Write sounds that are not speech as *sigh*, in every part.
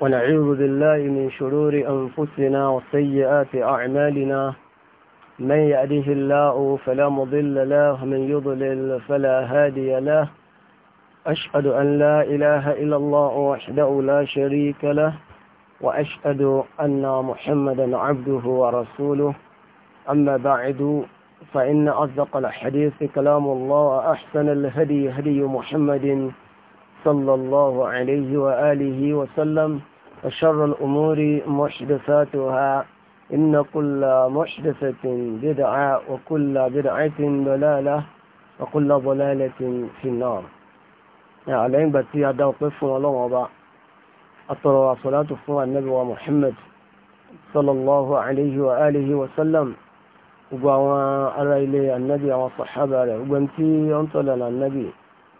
ونعوذ بالله من شرور أنفسنا وسيئات أعمالنا من يأده الله فلا مضل له ومن يضلل فلا هادي له أشهد أن لا إله إلا الله وحده لا شريك له وأشهد أن محمدا عبده ورسوله أما بعد فإن أصدق الحديث كلام الله وأحسن الهدي هدي محمد صلى الله عليه وآله وسلم وشر الأمور محدثاتها إن كل محدثة بدعة وكل بدعة ضلالة وكل ضلالة في النار على إن بتي أدعو قف ولو وضع أطر صلاة فوق النبي ومحمد صلى الله عليه وآله وسلم وقوى على إلي النبي وصحابه وقمتي على النبي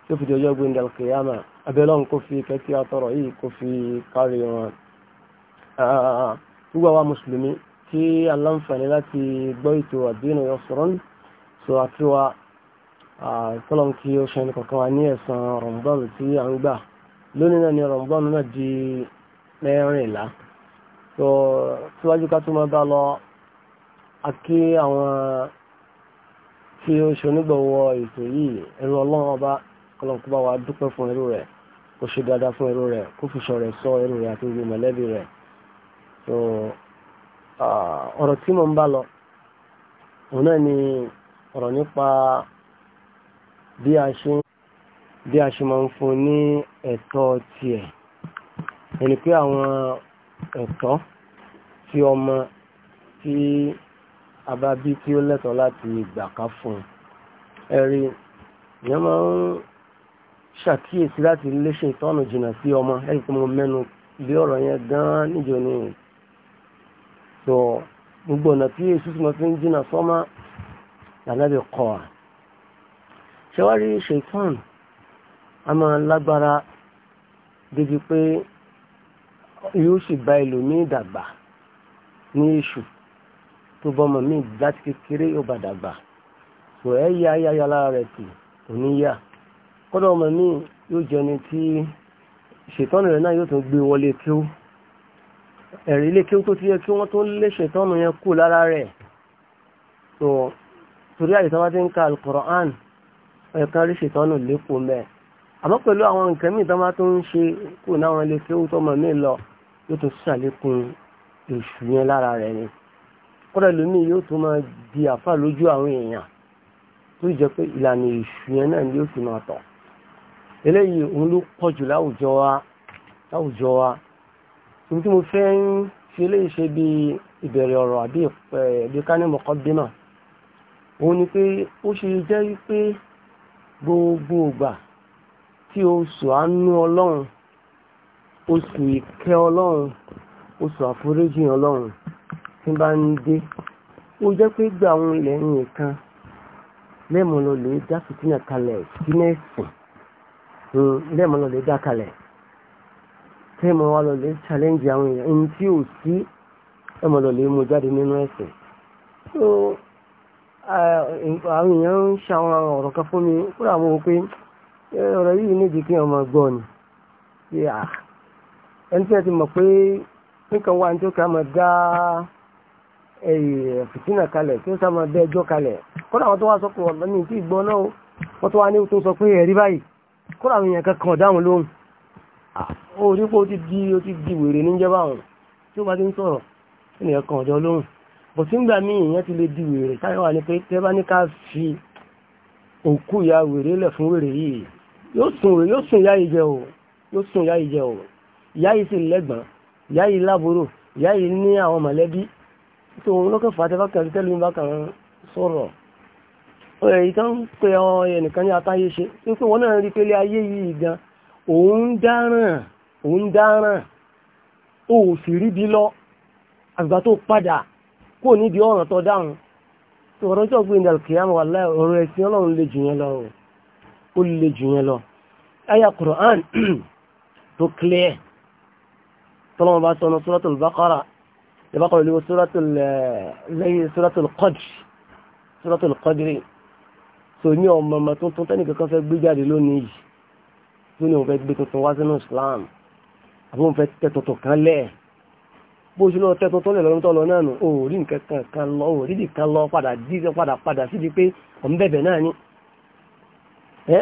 شوف جوجو عند القيامة abẹ́lọ́n kò fi kẹ́kẹ́ àtọ̀rọ̀ yìí kò fi kárí wọn gbogbo àwa mùsùlùmí tí aláǹfààní láti gbọ́ ètò àdínà yọ̀sọ̀rọ̀n so àti wa kọ́lọ́n kí ó ṣe nìkankan wa ní ẹ̀sán rọ̀mbọ́n tí a ń gbà lónìí náà ni rọ̀mbọ́n náà di mẹ́rìnlá so síwájú ká tó máa bá lọ akí àwọn tí ó ṣe ètò yìí ẹ̀rọ ọlọ́run ọba kọ́lọ́n kó bá wa dúpẹ́ fún ẹrú rẹ̀ kó ṣe dáadáa fún ẹrú rẹ̀ kó fi sọ sọ ẹrú rẹ̀ àti gbogbo mọ̀lẹ́bí rẹ̀ so ọ̀rọ̀ tí mo ń bá lọ òun náà ni ọ̀rọ̀ nípa bí a ṣe bí a ṣe máa ń fún ní ẹ̀tọ́ tiẹ̀ ẹni pé àwọn ẹ̀tọ́ tí ọmọ tí a bá bí tí ó lẹ́tọ̀ọ́ láti gbà ká fún un ẹ̀rí ìyẹn máa ń ṣàkíyèsí láti lé ṣètọ́nù jìnnà sí ọmọ ẹ̀rí tí mo mẹ́nu lé ọ̀rọ̀ yẹn gan-an níjọ ni tó gbogbo ọ̀nà tí mo fi ń jìnnà sọ́mọ́ lànàbì kọ́ à ṣètọ́nù a máa lágbára débi pé yóò sì bá ẹlòmíì dàgbà ní èṣù tó bọ́mọ láti kékeré yóò bá dàgbà so ẹ̀ yá yá yá lára rẹ̀ tì kọ́dọ̀ ọmọ mi yóò jẹ́ ni tí ṣètọ́nù rẹ̀ náà yóò tún gbé wọlé kí ó ẹ̀rí ilé kí ó tó ti yẹ kí wọ́n tó lé ṣètọ́nù yẹn kú lára rẹ̀ tó torí àyè sábà ti ń ka alukoran ẹ̀ka rí ṣètọ́nù lẹ́kọ̀ọ́ mẹ́ àmọ́ pẹ̀lú àwọn nǹkan míì tó máa tó ń ṣe kú náwọn ilé kí ó tó mọ̀ mí lọ yóò tún ṣàlékún èṣù yẹn lára rẹ̀ ni kọ́dọ̀ lómi yóò tún máa di àfà lójú àwọn èèyàn tó jẹ́ pé ìlànà èṣù yẹn náà ni yóò fi máa tọ̀ eléyìí òun ló pọ̀ jù láwùjọ wa láwùjọ wa tí mo fẹ́ ń fi eléyìí ṣe bí ìbẹ̀rẹ̀ ọ̀rọ̀ àbí ìbíkánimọ̀ kọ́bínà òun ni pé ó ṣe jẹ́ pé gbogbo ìgbà tí oṣù àánú ọlọ́run oṣù ìkẹ́ ọlọ́run oṣù àforíjì ọlọ́run tí bá ń dé ó jẹ́ pé gbà àwọn ilẹ̀ yìí kan lẹ́mọ̀ọ́ lọ lè dá fìtínà kalẹ̀ sínú ẹ̀sìn Hmm, lẹ́ẹ̀mọ́ lọ lè dákalẹ̀ tẹ́ẹ̀mọ́ wa lọ lè challenge àwọn èèyàn ẹni tí ò sí ẹ̀mọ́ lọ lè mú jáde nínú ẹ̀sìn so àwọn èèyàn ń ṣe ọ̀rọ̀ kan fún mi kúrò àwọn òpin ọ̀rọ̀ yìí níbi kí ọmọ gbọ́ ni ẹni tí ẹ ti mọ̀ pé nǹkan wà ní tó kí a máa dá fìtínà kalẹ̀ tí ó sá máa bẹ́ ẹjọ́ kalẹ̀ kọ́nà àwọn tó wá sọ pé ọ̀nà ní ìtì ìgbọ́n náà wọ́n tó wá ní tó sọ pé ẹ̀rí báyìí kúrò àwọn èèyàn kankan dáhùn lóhùn ó rí pé ti di ó ti di wèrè níjẹ́ báwọn tí ó bá ti ń sọ̀rọ̀ ènìyàn kan ọ̀dọ́ lóhùn bó ti ń gbà mí ìyẹn ti lè di wèrè táyọ̀ wà ní pé tẹ́ bá ní ká fi òkú ìyá wèrè lẹ̀ fún wèrè yìí yóò sùn wèrè yóò sùn ìyá yìí jẹ o yóò sùn ìyá yìí jẹ o ìyá yìí sì lẹ́gbọ̀n ìyá yìí lábúrò ìyá yìí ní àwọn mọ̀lẹ́bí tó òun lọ́kàn fà á bá kàn èyí tó ń pe ọ ẹnìkan ní atáyé ṣe ń pè wọ́n náà rí pé ilé ayé yìí gan òun dáràn òun dáràn ó sì ríbi lọ àgbà tó padà kò níbi ọ̀ràn tó dáhùn tó ọ̀rọ̀ jọ gbé ìdàlù kìyàmù wà láì ọ̀rọ̀ ẹ̀sìn ọlọ́run lè jù yẹn lọ ó lè jù yẹn lọ àyà Qur'an *clears throat* tó clear tọ́lọ́mọ bá sọnù Suratul Baqara ìbákọ̀rọ̀ lè wo Suratul eh, lẹ́yìn Suratul Qadr Suratul Qadri so ní ọmọ ọmọ tuntun tẹni kankan fẹ gbé jáde lónìí yìí tó ní òun fẹ́ gbé tuntun wá sínú Islam àbí òun tẹ tuntun kan ṣe lọ tẹ tuntun lẹ̀ lọ́dún tó lọ náà nù kan lọ lọ padà dí padà padà sí di pé òun náà ni ẹ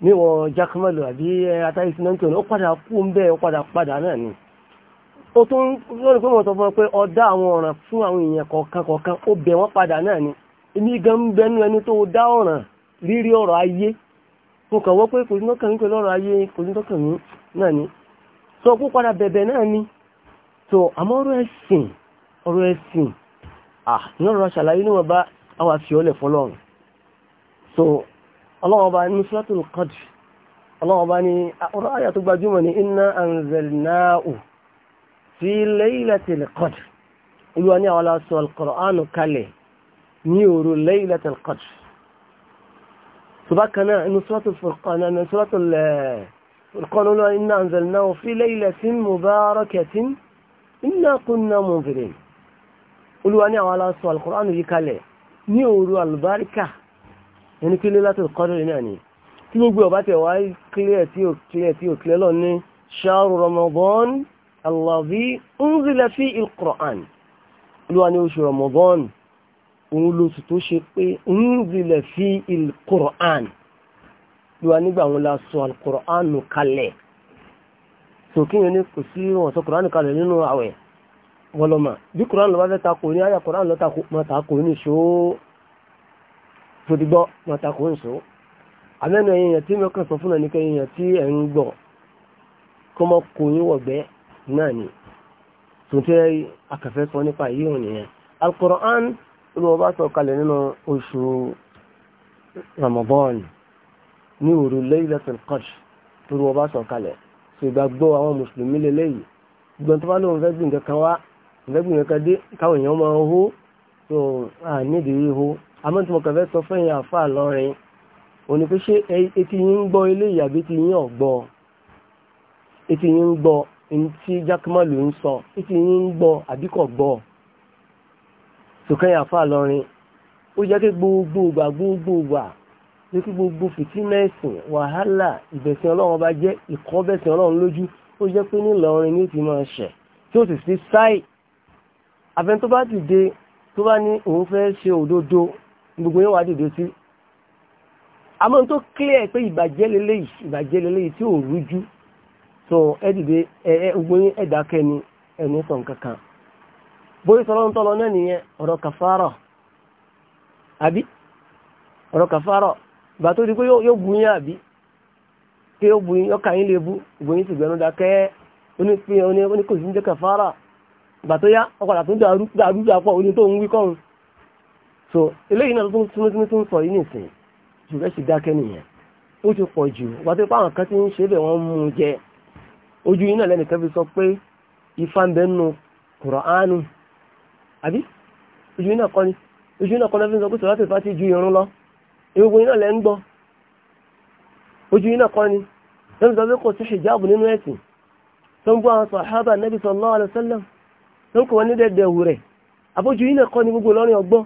níwọ̀ jákèmọ́lù àbí atáyé na ó padà kú ń padà padà náà ni ọ pé àwọn ọ̀ràn fún àwọn èèyàn kọ̀ọ̀kan kọ̀ọ̀kan ó wọ́n èmi gan bẹnu ẹni tó dá ọ̀ràn rírí ọ̀rọ̀ ayé mo kàn wọ́n kò sí tọ́kàn yín ọ̀rọ̀ ayé kò sí tọ́kàn yín náà ni sọ kó padà bẹ̀bẹ̀ náà ni tó àmọ́ ọ̀rọ̀ ẹ̀sìn ọ̀rọ̀ ẹ̀sìn ah ní ọ̀rọ̀ ṣàlàyé níwọ̀n bá àwọn fọlọ́run so ọlọ́wọ́n bá ní suratul qadr ọlọ́wọ́n bá ní ayà tó gbajúmọ̀ ní inna anzalnahu fi olúwa ní ní òru Laylatul Qadr ṣùgbọ́n náà inú Suratul Furqan náà Suratul Furqan náà inna anzalnahu fi laylatin mubarakatin inna kunna munzirin olúwa ní àwọn aláṣọ al-Qur'an yìí kalẹ̀ ní òru alùbáríkà ẹni kí Laylatul Qadr náà ni tí gbogbo ọba tẹ̀ wá clear tí ò clear òun lóṣù tó ṣe pé ń zilẹ̀ fi il-Qur'an yíwa nígbà wọn la sọ al-Qur'an nù kalẹ̀ sòkínyàn ní kò sí wọn sọ Qur'an nù kalẹ̀ nínú àwẹ̀ wọlọ́mà bí Qur'an lọ bá fẹ́ takò ní àyà Qur'an lọ takò ní ṣó fòdìgbọ́ ma takò ní ṣó àmẹ́nu ẹ̀yìn tí mẹ́kàn sọ fún ẹnikẹ́ ẹ̀yìn tí ẹ̀ ń gbọ́ kọ́ mọ́ kò ní wọ̀gbẹ́ náà ni tòun tẹ́ akẹ́fẹ́ sọ nípa yíò nìyẹn al-Qur'an olúwa bá sọ kalẹ̀ nínú oṣù Ramadan ní òru Laylatul Qadr olúwa bá sọ kalẹ̀ ṣe ìgbàgbọ́ àwọn mùsùlùmí lélẹ́yìí gbọ́n tó bá lóun fẹ́ gbìn kankan wá fẹ́ gbìn kankan dé káwọn èèyàn máa hó tó à nídìí hó àmọ́ tí mo kàn fẹ́ sọ fún yín àfa lọ́rin òní pé ṣé etí yín ń gbọ́ eléyìí àbí etí yín ò etí yín ń gbọ́ ntí jákèmọ́lù ń sọ etí yín ń gbọ́ àbí gbọ́ sùkẹ́yà fà lọ́rin ó jẹ́ kí gbogbo ìgbà gbogbo ìgbà ní kí gbogbo fìtínà ẹ̀sìn wàhálà ìbẹ̀sìn ọlọ́run bá jẹ́ ìkọ́bẹ̀sìn ọlọ́run lójú ó jẹ́ pé nílọrin ní ó ti máa ṣẹ̀ tí ó sì sí sáì àfẹn tó bá dìde tó bá ní òun fẹ́ ṣe òdodo gbogbo yẹn wà dìde sí àmọ́ tó clear pé ìbàjẹ́ lélẹ́yìí ìbàjẹ́ lélẹ́yìí tí ò rújú so ẹ dìde ẹ ẹ gbogbo yẹn ẹ dákẹ́ ni ẹ ní sọ̀n kankan. bóyí sọ́lọ́n tọ́lọ náà nìyẹn ọrọ kàfàárọ̀ àbí ọ̀rọ̀ kàfàárọ̀ ìgbà tó di pé yóò bu yín abi pé yóò bu yín yóò kàyín lè bu ìgbòyín sì gbẹ̀rún dákẹ́ oníkò sí ń jẹ́ kàfàárà ìgbà tó ya ọkọ̀lá tó dàrú dàrú dàpọ̀ oní tó ń wí kọ́run so eléyìí náà tó ń súnmọ́ sí sọ yìí nìsín jù rẹ̀ sì dákẹ́ nìyẹn ó ti pọ̀ jù kan ti ń ṣe bẹ̀ wọ́n mú un jẹ ojú yín náà lẹ́nìkan fi sọ pé ifá ń bẹ́ẹ̀ nù kùrọ̀ àbí ojú iná kọ́ ni ojú iná kọ́ lọ́fí ń sọ pé sọ̀rọ̀tì fàtí ju irun lọ egungun iná lẹ́ ń gbọ́ ojú iná kọ́ ni lọ́fí sọ pé kò sí hijabu nínú ẹ̀sìn tó ń bú àwọn sàhábà nabi sallallahu alaihi wasallam tó ń kọ́ wọn ní dẹ́dẹ̀wù rẹ̀ àbójú iná kọ́ ni gbogbo lọ́rin ọgbọ́n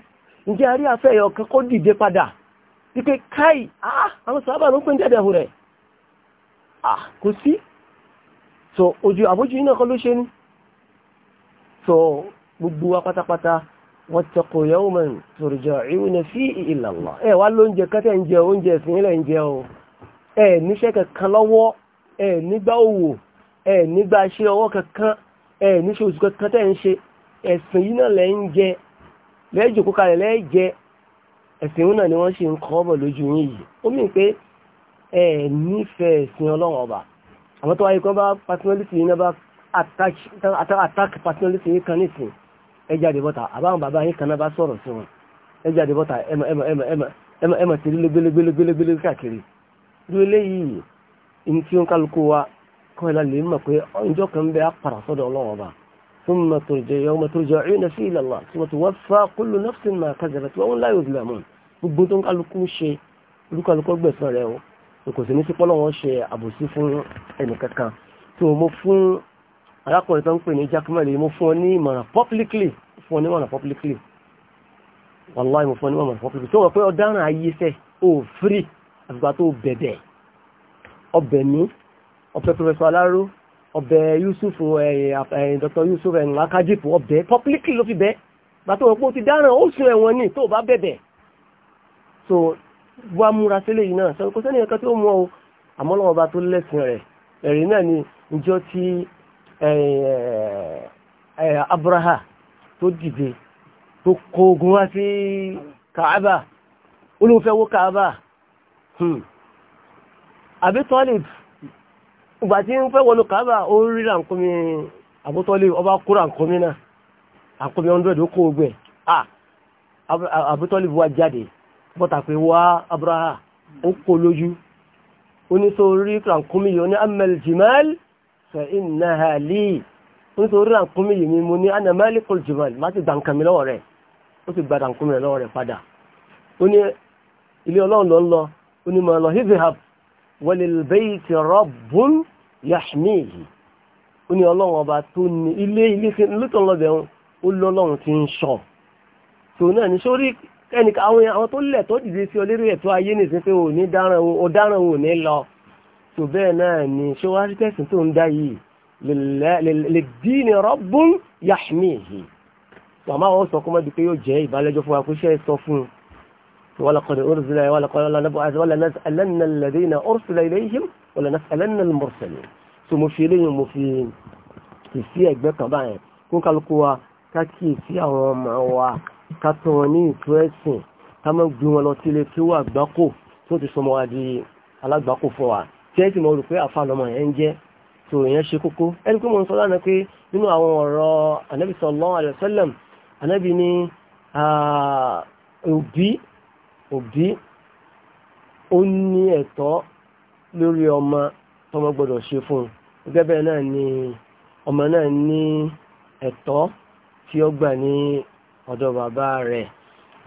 ǹjẹ́ àrí afẹ́ ẹ̀yọ̀ kan kó dìde padà wípé káì ah, àwọn sàhábà ló ń pè ní dẹ́dẹ̀wù rẹ̀ ah, kò sí so ojú àbójú iná kọ́ ló ṣe ni so gbogbo wa pátápátá wattaqu yawman turja'una fihi ila Allah ẹ wá lóúnjẹ kẹtẹ́ ń jẹ oúnjẹ ìsìn ilẹ̀ ń jẹ o ẹ níṣẹ́ kankan lọ́wọ́ ẹ nígbà òwò ẹ nígbà ṣe ọwọ́ kankan ẹ níṣẹ́ oṣù kankan tẹ́ ń ṣe ẹ̀sìn yìí náà lẹ́ ń jẹ lẹ́jọ́ kó kalẹ̀ lẹ́ jẹ ẹ̀sìn yìí náà ni wọ́n ṣe ń kọ́ bọ̀ lójú yín yìí ó mì pé ẹ nífẹ̀ẹ́ ẹ̀sìn ọlọ́run ọba attack personality yìí kan ẹ jáde bọ́ta àbáwọn bàbá yín kan náà bá sọ̀rọ̀ sí wọn ẹ jáde bọ́ta ẹmọ ẹmọ ẹmọ ẹmọ ẹmọ ẹmọ tèrí légbélégbélégbélé káàkiri dúró léyìí ní tí ó ń kálukú wa kọ́ ẹ lálẹ́ mọ̀ pé ọ̀njọ́ kan bẹ́ẹ̀ apàrà sọ́dọ̀ ọlọ́wọ́ ọba ثم ترجع يوم ترجعون فيه إلى الله ثم توفى كل نفس ما كسبت وهم لا يظلمون gbogbo tó o kò sì ní sí pọ́lọ́wọ́n ṣe àbòsí fún ẹnìkankan tó mo arákùnrin tó ń pè ní jákèmẹ́lì mo fún ọ ní ìmọ̀ràn publicly fún ọ ní ìmọ̀ràn publicly wàláì mo fún ọ ní ìmọ̀ràn publicly tó wọ pé ọ̀daràn ayé fẹ́ o free àfìgbà tó bẹ̀bẹ̀ ọbẹ̀ ní ọbẹ̀ professor aláró ọbẹ̀ yusuf dr yusuf akajipu ọbẹ̀ publicly ló fi bẹ́ gbà tó wọ pé o ti dáràn ó sun ẹ̀wọ̀n ni tó o bá bẹ̀bẹ̀ so wá múra sílẹ̀ yìí náà sọ kò sẹ́ni ẹ̀ka tó mú ọ àmọ́ lọ́wọ́ bá tó lẹ́sìn rẹ̀ ẹ̀rí náà ni ìjọ ti abraha tó dìde tó kó ogun wá sí kàábà olóòfẹ́ wó kàábà hmm. àbí tọ́lìb ìgbà tí ń fẹ́ wọnú kàábà ó rí ràǹkómi àbútọ́lìb ọba kó ràǹkómi náà àkómi 100 ó kó ogun àbútọ́lìb ah, wá jáde bọ́ta pé wá abraha ó kó lójú oníṣòrí ràǹkómi yìí ó ní amẹ́l jìmẹ́lì fa innaha li nítorí rànkúnmí yìí ni mo ní ana malikul jumal má ti gbàǹkà mi lọ́wọ́ rẹ̀ ó ti gba rànkúnmí rẹ̀ lọ́wọ́ rẹ̀ padà ó ní ilé ọlọ́run ló ń lọ ó ní máa lọ hizihab walil bayti rabbun yahmihi ó ní ọlọ́run ọba tó ní ilé ilé lótò lọ́bẹ̀ ń ó lọ́lọ́run ti ń sọ tòun náà ní sórí ẹnì àwọn tó lẹ̀ tó dìde sí ọ lérí ẹ̀tọ́ ayé nìsín pé ò ní dáràn ò ní lọ tó bẹ́ẹ̀ náà ni ṣé wàá rí tẹ̀sán tó ń dá yìí lè dín rabbun yahmihi màmá wọn sọ kọ́mọ́dé pé yóò jẹ́ ìbálẹ́jọ́ fún wa kó ṣe é sọ fún un. ولقد أرسل ولقد ولنسألن الذين أرسل إليهم ولنسألن المرسلين so mo fi eléyìn mo fi kì sí ẹgbẹ́ kan báyẹn kún kálukú wa ká kì í sí àwọn ọmọ wa ká tó wọn sí ilé kí wọ́n tẹ́ẹ̀tì mọ̀ rò pé àfa lọ́mọ yẹn ń jẹ́ tó yẹn ṣe kókó ẹni pé mo ń sọ lánàá pé nínú àwọn ọ̀rọ̀ anabi sallallahu alaihi wasallam anabi ní òbí òbí ó ní ẹ̀tọ́ lórí ọmọ tọmọ gbọdọ̀ ṣe fún un gẹ́gẹ́ bẹ́ẹ̀ náà ni ọmọ náà ní ẹ̀tọ́ tí ó gbà ní ọ̀dọ̀ bàbá rẹ̀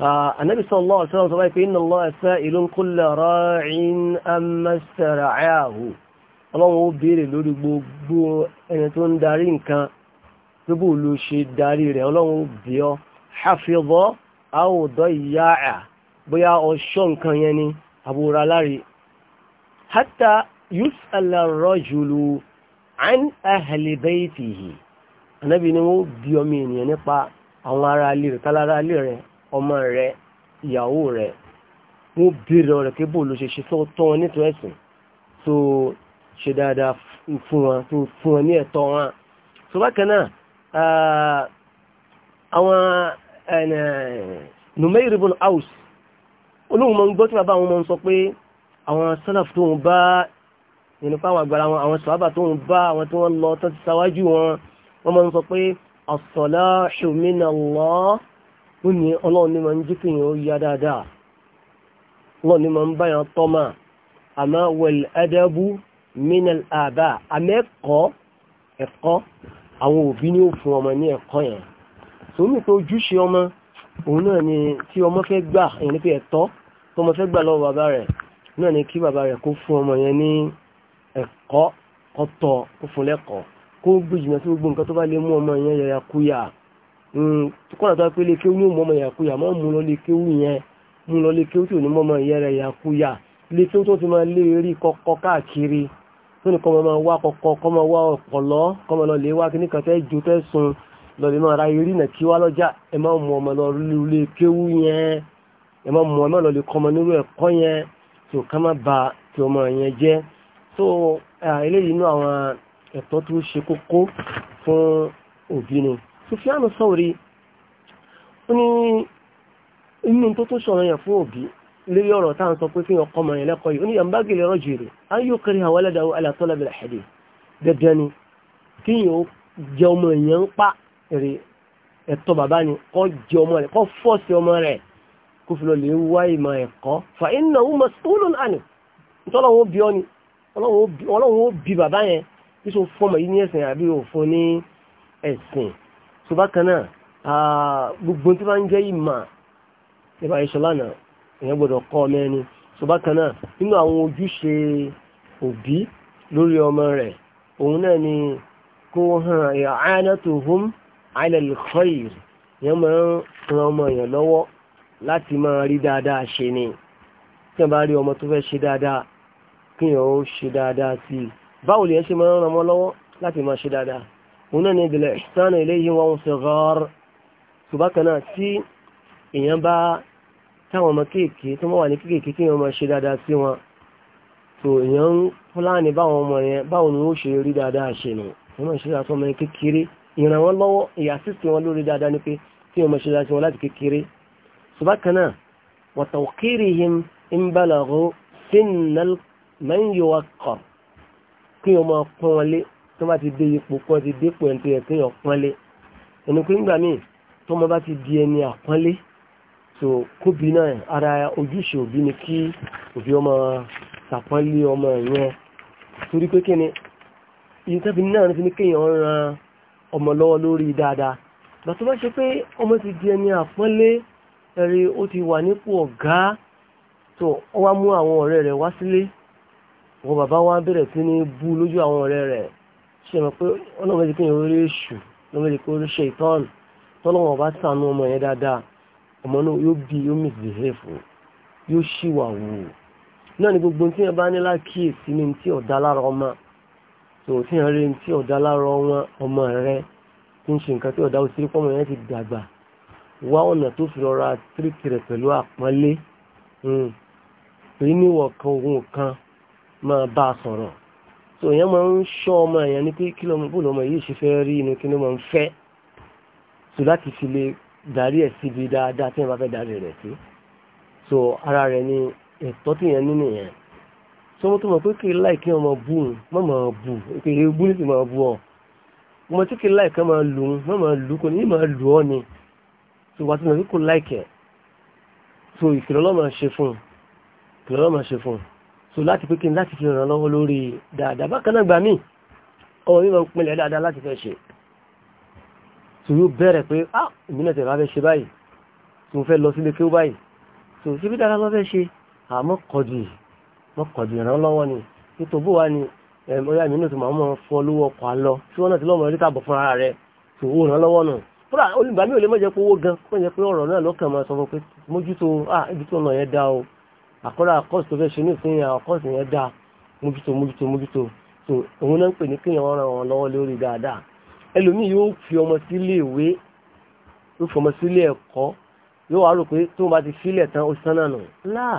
النبي صلى الله عليه وسلم قال إن الله سائل كل راع أما استرعاه ọlọ́run ó béèrè lórí gbogbo ẹni tó ń darí nǹkan tó bú ló ṣe darí rẹ̀ ọlọ́run ó bí ọ hafidọ́ àwòdọ́ ìyá à bóyá ọṣọ́ nǹkan yẹn ni àbúrà láre hátà yus'al ar-rajulu an ahli baytihi anábì ni wọ́n bí ọmọ ènìyàn nípa àwọn ará alẹ́ rẹ̀ tálára alẹ́ rẹ̀ ọmọ rẹ ìyàwó rẹ wọ́n bèèrè ọ̀rẹ́ pé bó ló ṣe ṣe tọ́ wọn nítorí ẹ̀sìn tó ṣe dáadáa fún wọn tó fún wọn ní ẹ̀tọ́ wọn. tó bákan náà àwọn Numayr ibn Aws olóhùn mọ́ ń gbọ́ tí bàbá àwọn ọmọ ń sọ pé àwọn sálàf tó ń bá nínú fáwọn àgbàrá àwọn sàhábà tó ń bá àwọn tí wọ́n lọ tó ti sáwájú wọn wọ́n mọ́ sọ pé as-salahu min ó ní ọlọ́run ní ma ń jíkì yẹn ó yá dáadáa ọlọ́run ní ma ń báyàn tọ́mà àmọ́ wẹ̀l adabu minal àbá àmẹ́kọ́ ẹ̀kọ́ àwọn òbí ní ó fún ọmọ ní ẹ̀kọ́ yẹn tòmí pé ojúṣe ọmọ òun náà ni tí ọmọ fẹ́ gbà èyàn ní pé ẹ̀tọ́ tó ọmọ fẹ́ gbà lọ́wọ́ bàbá rẹ̀ náà ni kí bàbá rẹ̀ kó fún ọmọ yẹn ní ẹ̀kọ́ ọ̀tọ̀ kó fún lẹ́kọ̀ọ́ kó gbé gbogbo nǹkan tó bá lè mú ọmọ yẹn yẹra kúyà Hmm, kọ́nà tó pé lékéwú ní mọ́mọ́ yàkúyà mọ́ mú lọ lékéwú yẹn mú lọ lékéwú tí ò ní mọ́mọ́ ìyẹn rẹ̀ yàkúyà tó ti máa lé rí kọ́kọ́ káàkiri tó ní kọ́mọ máa wá kọ́kọ́ kọ́mọ wá ọ̀pọ̀lọ́ kọ́mọ lọ lè wá kí nìkan fẹ́ jó fẹ́ sun lọ́lẹ́ máa ra eré nà kí wá lọ́jà ẹ má mú ọmọ lọ lékéwú yẹn ẹ má mú ọmọ lọ lè kọ́mọ nírú ẹ̀kọ́ yẹn tó ká má ba ti ọmọ yẹn jẹ́ tó eléyìí inú àwọn ẹ̀tọ́ tó ṣe kókó fún òbí ni. Sufyan Sawri ó ní inú tó tó sọ̀rọ̀ yẹn fún òbí lórí ọ̀rọ̀ táà ń sọ pé fíyàn kọmọ yẹn lẹ́kọ̀ọ́ yìí ó ní yambagi lè rọ́jì rẹ̀ á yóò kiri àwọn ẹlẹ́dàá ala talab al-hadith dẹ́dẹ́ ni kí yìí ó jẹ ọmọ yẹn ń pa èrè ẹ̀tọ́ bàbá ni kọ́ jẹ ọmọ ẹ̀sìn so bákan náà gbogbo tí wọ́n ń jẹ́ ìmọ̀ nípa ìṣọ́lánà èèyàn gbọ́dọ̀ kọ́ ọmọ ẹni so bákan náà nínú àwọn ojúṣe òbí lórí ọmọ rẹ̀ òun náà ni kó hàn i'anatuhum 'ala al-khayr èèyàn máa ń ran ọmọ èèyàn lọ́wọ́ láti máa rí dáadáa هنا bil ihsan ilayhim wa hum sighar ṣùgbọ́n náà tí èèyàn bá táwọn ọmọ kéèkéé tó mọ́ wà ní kéèkéé kí wọ́n máa ṣe dáadáa sí wọn tó èèyàn ń fúláàní báwọn ọmọ yẹn báwọn ni ó ṣe rí dáadáa ṣe nù wọ́n máa ṣe dáadáa sí ọmọ yẹn kékeré ìran wọn lọ́wọ́ ìyá sísè wọn ni pé kí wọ́n máa ṣe dáadáa sí wọn láti kékeré wa tawqirihim in sinnal man yuwaqqar kí wọ́n máa pọ́n tó bá ti dé ipò kọ́ ti dépò ẹni tó yẹ kéèyàn pọ́nlé ẹni pé ńgbà míì tọ́mọ bá ti di ẹni àpọ́nlé so kóbi náà ara ojúṣe òbí ni kí òbí ọmọ ṣàpọ́nlé ọmọ yẹn torí pé kí ni ìtẹ́bi náà ti ní kéèyàn ran ọmọ lọ́wọ́ lórí dáadáa bàtọ́ bá ṣe pé ọmọ ti di ẹni àpọ́nlé ẹ̀rí ó ti wà nípò ọ̀gá tó ọ wá mú àwọn ọ̀rẹ́ rẹ̀ wá sílé wọn bàbá wa bẹ̀rẹ̀ sí ní bú lójú àwọn ọ̀rẹ́ rẹ̀ ṣe mọ̀ pé ọlọ́mọ ti kéèyàn orí èṣù lọ́mọ ti kó orí ṣe ìtọ́n tọ́lọ́wọ́n bá sànú ọmọ yẹn dáadáa ọmọ náà yóò bí yóò misbehave yóò ṣìwà wò náà ni gbogbo tí yẹn bá ní lákìyèsí ní ti ọ̀dá lára ọmọ tó tí yẹn rí ti ọ̀dá lára ọmọ rẹ tí ń ṣe nǹkan tí ọ̀dá òsì pọ́mọ yẹn ti dàgbà wá ọ̀nà tó fi rọra tírìkì rẹ̀ pẹ̀lú àpọ́nlé pé hmm. níwọ̀ kan òun kan máa bá a sọ̀rọ̀ so èèyàn máa ń ṣọ́ ọmọ èèyàn ní pé kí lọ́mọ bó lọ́mọ yìí ṣe fẹ́ rí inú kí ló máa ń fẹ́ so láti fi lè darí ẹ̀ síbi dáadáa tí wọ́n bá fẹ́ darí rẹ̀ sí so ara rẹ̀ ni ẹ̀tọ́ tí yẹn nínú yẹn so mo tó mọ̀ pé kí láì kí ọmọ bù ún má máa bù pé ebú ní sì máa bù ọ́ mo tí kí láì kí máa lù ún má máa lù kò ní máa lù ọ́ ni so wàá ti mọ̀ pé kò láì kẹ̀ so ìkìlọ́lọ́ máa ṣe fún ìkìlọ́lọ́ máa ṣe fún un so láti pé kí n láti fi ràn lọ́wọ́ lórí dáadáa bákan náà gbà mí ọmọ mi máa ń pinlẹ̀ dáadáa láti fẹ́ ṣe so yóò bẹ̀rẹ̀ pé ah èmi náà tẹ̀lé abẹ́ ṣe báyìí mo fẹ́ lọ sílé kí ó báyìí so síbi dára lọ fẹ́ ṣe àmọ́ kọ̀dì mọ́ kọ̀dì ràn lọ́wọ́ ni nítorí wa ni ọyá mi náà tó máa ń fọ lówó ọkọ̀ àlọ tí wọ́n so ó ràn lọ́wọ́ nù fúnra olùgbàmí ò lè mọ̀ jẹ́ pé owó gan mọ̀ jẹ́ pé ọ̀rọ̀ náà lọ́kàn máa sọ fún pé mójútó ah ibi tó ń lọ yẹn dá o àkọ́rọ̀ àkọ́sì tó fẹ́ ṣe ní ìsinyìí àwọn àkọ́sì yẹn dá mójútó mójútó mójútó tó òun náà ń pè ní kéèyàn ran wọn lọ́wọ́ lórí dáadáa ẹlòmíì yóò fi ọmọ sílé ìwé yóò fi ọmọ sílé ẹ̀kọ́ yóò wá rò pé tó bá ti sílẹ̀ tán ó sán náà nù láà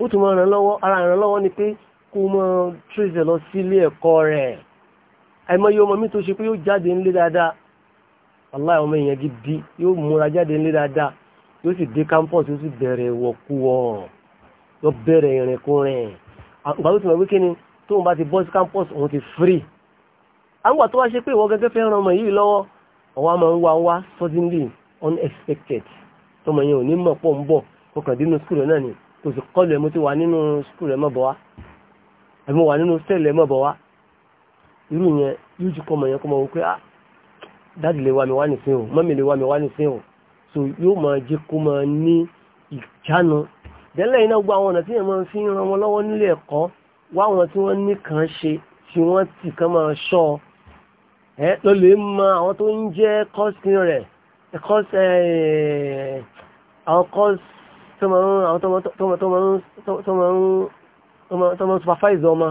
ó tún máa ràn lọ́wọ́ ara ràn lọ́wọ́ ni pé kó mọ tírèsì lọ sílé ẹ̀kọ́ rẹ̀ àìmọye ọmọ mi tó ṣe pé yóò jáde ńlé dáadáa aláì ọmọ èèyàn gidi yóò múra jáde ńlé dáadáa yóò sì dé campus yóò sì bẹ̀rẹ̀ wọ̀kúwọ̀ọ́ yóò bẹ̀rẹ̀ ìrìn kó rìn àgbà tó ti mọ̀ wí kíni tó ń bá ti bọ́ sí campus òun ti free àwọn àtọ́wá ṣe pé ìwọ gẹ́gẹ́ fẹ́ ràn ọmọ yìí lọ́wọ́ ọwọ́ máa ń wá wá suddenly unexpected tọmọ yẹn ò ní mọ̀ pọ̀ ń bọ̀ kọkàn dínú skul náà ni tó sì kọlu ẹ̀ mo ti wà nínú skul ẹ̀ mọ̀ bọ̀ wá ẹ̀ mo wà nínú sẹ́ẹ̀lì ẹ̀ mọ̀ bọ̀ wá irú yẹn yóò ju kọmọ yẹn kọmọ wọn pé ah dáàdì lè wá mi wá nìsín o mọ́mì lè wá mi wá nìsín o so yóò máa jẹ́ kó máa ní ìjánu tẹ́lẹ̀ iná gba àwọn ọ̀nà tí èèyàn máa fi ń ran wọn lọ́wọ́ nílé ẹ̀kọ́ wá àwọn tí wọ́n ní kàn ṣe tí wọ́n ti kàn máa ṣọ́ ọ ẹ ló lè mọ àwọn tó ń jẹ́ kọ́sìn rẹ̀ àwọn kọ́sì tó máa ń supervisor ọmọ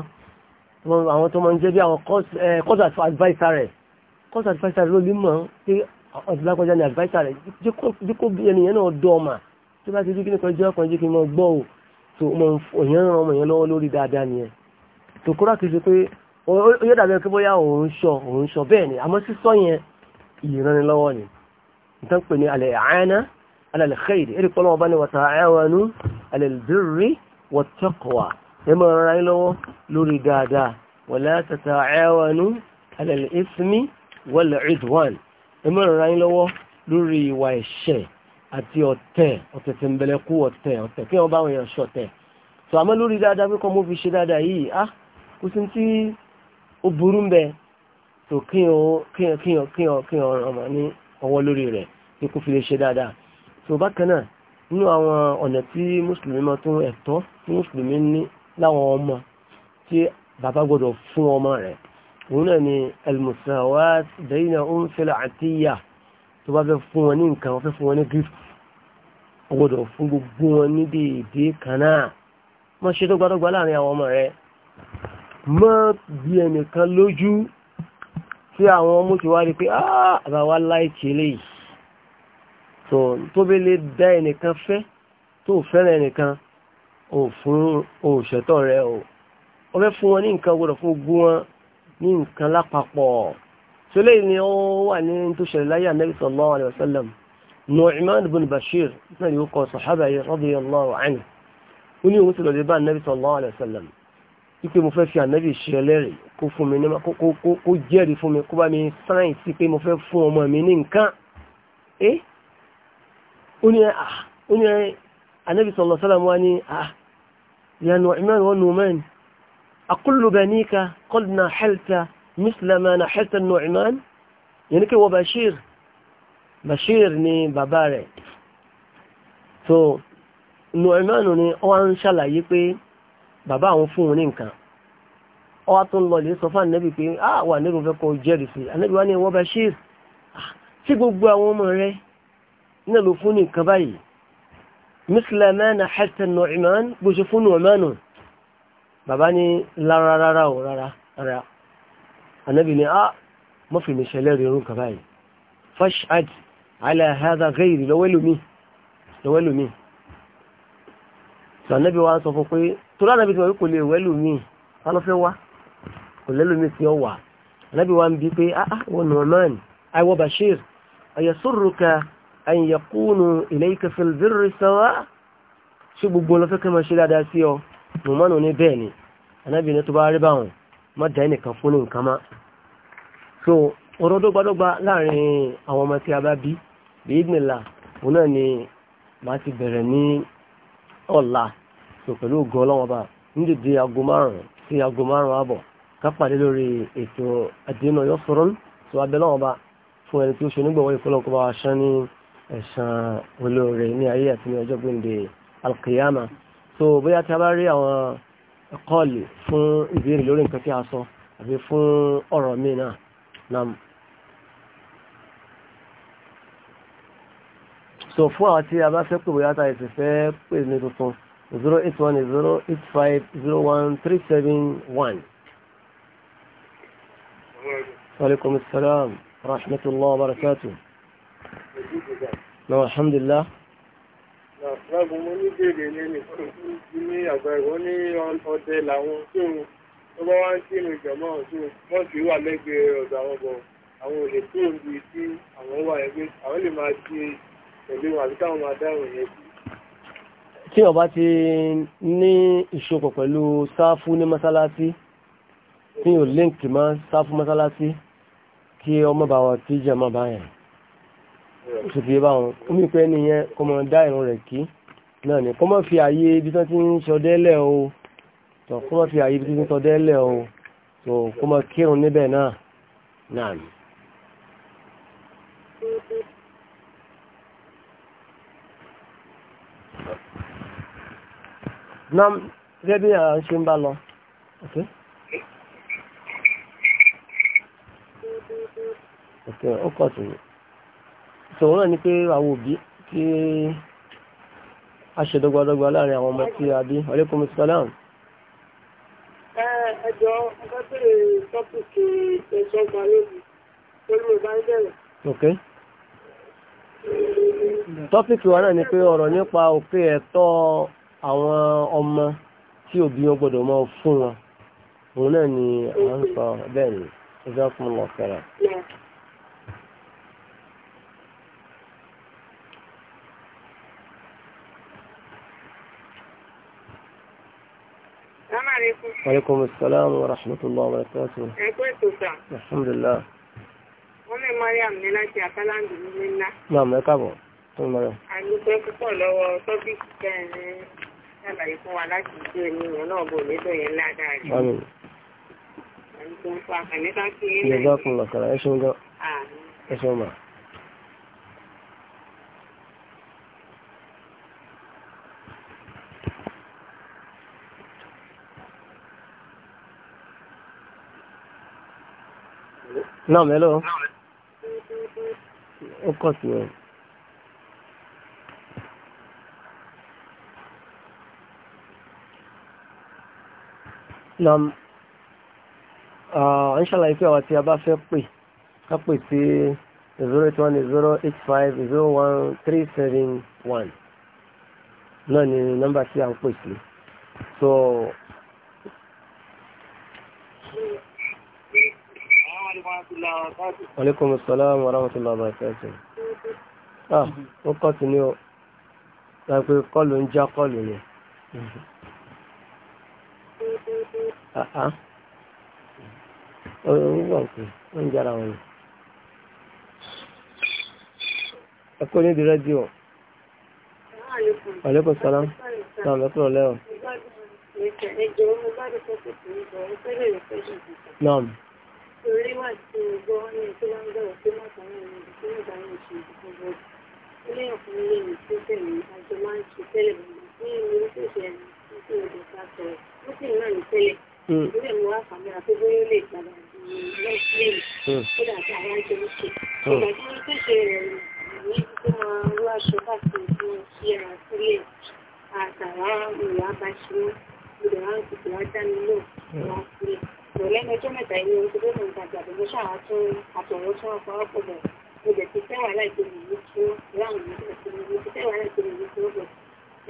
àwọn tó máa ń jẹ́ bí àwọn course advisor rẹ̀ course advisor rẹ̀ ló lè mọ̀ pé ọ̀sìn lápẹ́jà ni advisor rẹ̀ dípò bí ẹnìyẹn náà dọ́ ọmọ tó bá ti rí kíní kan jẹ́ ọkàn jẹ́ kí n mọ gbọ́ ò tó mọ òyìn ran ọmọ yẹn lọ́wọ́ lórí dáadáa nìyẹn tó kúrò kì í ṣe pé ó dàbí ẹni pé bóyá òun sọ òun sọ bẹ́ẹ̀ ni àmọ́ sísọ yẹn ìrànlọ́wọ́ ni nǹkan pè ní alẹ́ àánà alẹ́ xeyìdì ẹ̀rí pọ́nlọ́ ọba ni wàtà àwọnú alẹ́ bírí wọ́tọ́kọ̀wà ẹ máa ran àti ọ̀tẹ̀ ọ̀tẹ̀ tẹ̀m̀bẹ̀lẹ̀kú ọ̀tẹ̀ ọ̀tẹ̀ kí wọ́n bá wọn yàn ṣọ̀tẹ̀ tó àmọ́ lórí dáadáa pé kọ́ mo fi ṣe dáadáa yìí á ah, kò sí tí ó burú ń bẹ tó kí wọ́n kí wọ́n kí wọ́n kí wọ́n ọmọ ní ọwọ́ lórí rẹ̀ kí kò fi lè ṣe dáadáa tó bákan náà nínú àwọn ọ̀nà tí mùsùlùmí máa tún ẹ̀tọ́ tí mùsùlùmí ní láwọn ọmọ tí bàbá gbọ́dọ̀ fún ọmọ rẹ̀ òun náà ni al-musawat bayna atiyah tó bá fẹ́ fún wọn ní nǹkan wọ́n fẹ́ fún wọn ní gift ó gbọ́dọ̀ fún gbogbo wọn ní déédé kan náà má ṣe dọ́gbadọ́gba láàrin àwọn ọmọ rẹ má bí ẹnìkan lójú tí àwọn ọmọ ti wá rí pé ah, àbá wa láìkí eléyìí tó tó bẹ́ lè dá ẹnìkan fẹ́ tó fẹ́ràn ẹnìkan ò fún òṣètọ́ rẹ o wọ́n fẹ́ fún wọn ní nǹkan gbogbo wọn ní nǹkan lápapọ̀ sọlẹ́ ni ó wà ní tó ṣẹlẹ̀ láyé anabi sallallahu alayhi wa sallam nu'man bin bashir náà yóò kọ sọ̀hábà yìí radiyallahu anhu ó ní òun sì lọ́dẹ̀ bá anabi sallallahu alayhi wa sallam ipe mo fẹ́ fi anabi ṣe ẹlẹ́rìí kó fún mi ní kó jẹ́rìí fún mi kó bá mi sáyìn sí pé mo fẹ́ fún ọmọ mi ní nǹkan ẹ́ ó ní ah, مثل ما نحلت النعمان yẹn ni kí wọ́n Bashir Bashir ni bàbá rẹ̀ so Nu'man ni wọ́n ń ṣàlàyé pé bàbá àwọn fún un ní nǹkan ọwá tó ń lọ lè sọ fún ànẹ́bì pé a wà nírò fẹ́ kọ jẹ́rìí sí ànẹ́bì wá ní wọ́n Bashir tí gbogbo àwọn ọmọ rẹ̀ náà ló fún nìkan báyìí misla ma nahata Nu'man bó ṣe fún Nu'man bàbá ní lára rárá ò rárá rárá anábì ni ah, a mọ́fì mi ṣẹlẹ̀ rí irun kàbá yìí fashad alahada gairi lọ́wẹ́lùmí so anábì wa sọ fún pé torí anábì tí wọ́n kò lè wẹ́lùmí wọn lọ fẹ́ wá kò lẹ́lùmí tí ó wà anábì wa ń bi pé a ah, ah, wọ norman aiwọ bashir ayasurruka an yakunu ilayka fil birri sawa ṣe gbogbo lọ fẹ́ kẹ́ máa ṣe dáadáa sí norman ò bẹ́ẹ̀ ni anábì ni tó bá má dá ẹnìkan fún ní nǹkan má so ọ̀rọ̀ dọ́gbadọ́gba láàrin àwọn ọmọ tí a bá bí bíìdìnlá òun náà ni màá ti bẹ̀rẹ̀ ní ọ̀la so pẹ̀lú ògùn ọlọ́wọ́n bá ní dèdè aago márùn-ún sí aago márùn-ún àbọ̀ ká pàdé lórí ètò àdéhùn ọ̀yọ́ sọ̀rọ̀ so abẹ́ lọ́wọ́n bá fún ẹni tí ó ṣe onígbọ̀wọ́ ìfọlọ́kọ́ bá wa ní ẹ̀sán olóore ní ayé àti ní ọjọ́ gbòǹde alkiyama so bóyá tí a bá rí àwọn kọ́ọ̀lù fún ìbírí lórí nǹkan tí a sọ àbí fún ọ̀rọ̀ mi náà mu so fún àwọn tí a bá fẹ́ pè bóyá ta ẹ̀sẹ̀ fẹ́ pè ní tuntun 08108501371 eight one zero eight five zero ẹ̀bùn mo ní bèrè ní nìkan ní àgbẹ̀rún ní ọdẹ làwọn tóun tó bá wá ń kírun ìjọ̀mọ́ ọ̀tún mọ́ọ̀sì wà lẹ́gbẹ̀ẹ́ ọ̀dọ̀ àwọn bọ̀ àwọn olè tó ń bi tí àwọn wà ẹgbẹ́ àwọn lè máa ṣe pẹ̀lú àbí táwọn máa dáhùn yẹn sí. tí ọba ti ní ìṣòpọ̀ pẹ̀lú sáfù ní mọ́sálásí tí yóò líǹkì mọ́ sáfù mọ́sálásí kí ọmọ bá wọn tí jẹ́ bá yẹn. oṣù tí yẹ omi pẹ́ nìyẹn kó mọ dá ìrun rẹ̀ kí náà ni kó má fi àyè ibi tó ti ń sọdẹ́lẹ̀ o tó kó má fi àyè ibi tó ń sọdẹ́lẹ̀ o tó kó má kírun níbẹ̀ náà náà ni. nam gẹ́gẹ́ bí àwọn ṣe ń bá lọ. Okay. Okay, ó kọ̀ tó. Sọ̀rọ̀ náà ni pé àwọn òbí tí. Ki a ṣe dọ́gbadọ́gba láàrin àwọn ọmọ tí a bí alaikum salam. ẹjọ́ ọgọ́tẹ̀rẹ̀ tọ́pùkì ẹ̀ṣọ́ ọgbà lónìí lórí ìbá ìbẹ̀rẹ̀. ok tọ́pìkì wa náà ni pé ọ̀rọ̀ nípa òfin ẹ̀tọ́ àwọn ọmọ tí òbí wọn gbọ́dọ̀ máa fún wọn òun náà ni à ń sọ bẹ́ẹ̀ ni ẹjọ́ fún wọn kẹrẹ. Aleykum salaam wa rahmatullahi wa barakatuh. Ẹ kú ètò sà. Alhamdulillah. Wọ́n mẹ́ Mariam ní láti Àkálàndì ní Mẹ́nà. Máa mẹ́ káàbọ̀ tó ń Mariam. Àlùkò púpọ̀ lọ́wọ́ tọ́pìkì kẹrin ṣàlàyé fún wa láti ṣe ẹni ìwọ̀n náà bò lédò yẹn ládàá rẹ̀. Àmín. Àlùkò ń fa àkànníkà sí ilẹ̀. Ìjọba kùn lọ̀kàrà ẹ ṣeun gan. Ẹ ṣeun máa. No, mẹ́lò ó kọ̀ sí No. nam ń ṣàlàyé pé àwọn tí a bá fẹ́ pè ká pè sí zero eight one zero eight five zero one three seven one náà ni nọ́mbà tí so. Aleykum salaam wa rahmatulah wa barakatuh. Ah, ó kọ́ sí ní o. Láìpé kọ́lù ń já kọ́lù ni. Àá. Oyin gbọ̀n pé ó ń jára wọn. Ẹ kó ní di rédíò. Aleykum salaam. Sàmì ẹ̀kúrọ̀ lẹ́wọ̀n. Naam torí wà tí o gbọ́ ní ẹ̀tọ́ bá ń bẹ̀rù pé látàrí àwọn ìdí tí mẹ́ta náà ṣe ọ̀kan ilé mi tó tẹ̀lé àjọ máa ń ṣe tẹ́lẹ̀ ní ìlú oríṣiríṣi ẹni tí o lè ta sọ̀rọ̀ ó sì náà ní tẹ́lẹ̀ hmm. ìbílẹ̀ mi wá fàmíra pé bóyá lè padà di lẹ́sìlẹ̀ hmm. ó dà bí àwọn ṣe wọn kò tó wá dá náà hmm. wá sílẹ̀ lò lẹ́nu ọjọ́ mẹ́ta ilé oṣù tó ń tajà tó ń ṣàwá tún àtọ̀wọ́ tún àpapọ̀ bọ̀ mo dẹ̀ ti fẹ́ wàhálà ìpè mi yìí tún láwọn ìlú ẹ̀sìn mi mo ti fẹ́ wàhálà ìpè mi yìí tún bọ̀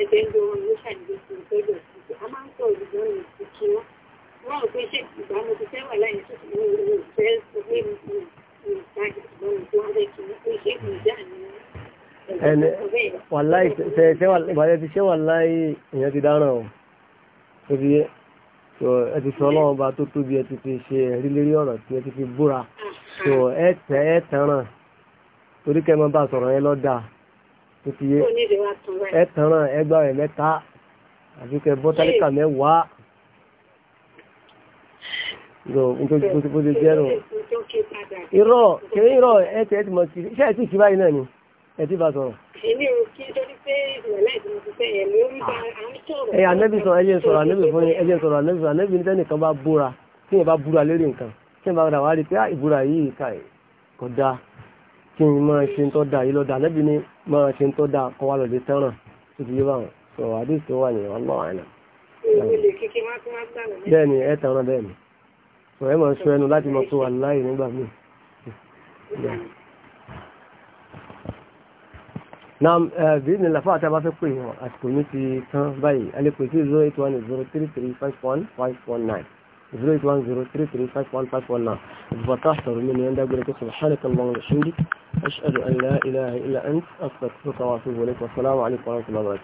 ẹgbẹ́ ń gbowó ló ṣàdédé sí i pé bẹ̀rẹ̀ sí i a máa ń sọ òdìgbọ́n mi ti kí wọ́n wọ́n rò pé ṣé ìgbà mo ti fẹ́ wàhálà yìí tún mi ò fẹ́ sọ pé mi ò tajà ṣùgbọ́n mi tó ń bẹ́ kí wọ́n pé ṣé mi dà ní ẹni wàláì ṣe ṣe wàláì èèyàn ti dáràn o so ẹ ti fi ọlọ́run ọba tó tóbi ẹ ti fi ṣe ẹ̀rí lérí ọ̀rọ̀ tí ẹ ti fi búra so ẹ tẹ ẹ tẹ̀ràn torí kẹ́ ẹ máa bá sọ̀rọ̀ yẹn lọ́dà tó ti yé ẹ tẹ̀ràn ẹ gbà ẹ mẹ́ta àfi kẹ́ bọ́ tálíkà mẹ́wàá so nítorí bó ti jẹ́ rò irọ́ kẹ́ irọ́ ẹ tẹ̀ ẹ ti mọ̀ sí iṣẹ́ ẹ ti kí báyìí náà ni ẹ̀tí bá sọ̀rọ̀. èmi ò kí n torí pé ìrọ̀lẹ́ ìdìbò ti fẹ́ yẹn lórí bá a ń sọ̀rọ̀. ẹ anẹ́bí sọ ẹyẹ sọ̀rọ̀ anẹ́bí fún ẹyẹ sọ̀rọ̀ anẹ́bí sọ̀rọ̀ anẹ́bí níta nìkan bá búra tí yẹn bá búra lérí nǹkan tí yẹn bá wá rí pé ah, ìbúra yìí kà kò kí n máa ṣe tọ́ da yìí lọ́dà anẹ́bí ni máa ṣe tọ́ da kọ́ wa lọ́dẹ tẹ́ràn tó ti yé bá wọn sọ̀rọ̀ àdéhùn tó wà nìyẹn ọlọ́ bẹ́ẹ̀ni ẹ tẹ̀ràn bẹ́ẹ̀ni sọ̀rọ̀ نعم آه، بإذن الله فأتبع في قيمة أتكلمتي تنبعي ألكوتي 0810335519 0810335519 إذبطحت رميني أن دقلت سبحانك الله وحمدك أشهد أن لا إله إلا أنت أستطفق وعطيه عليك والسلام عليكم ورحمة الله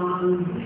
وبركاته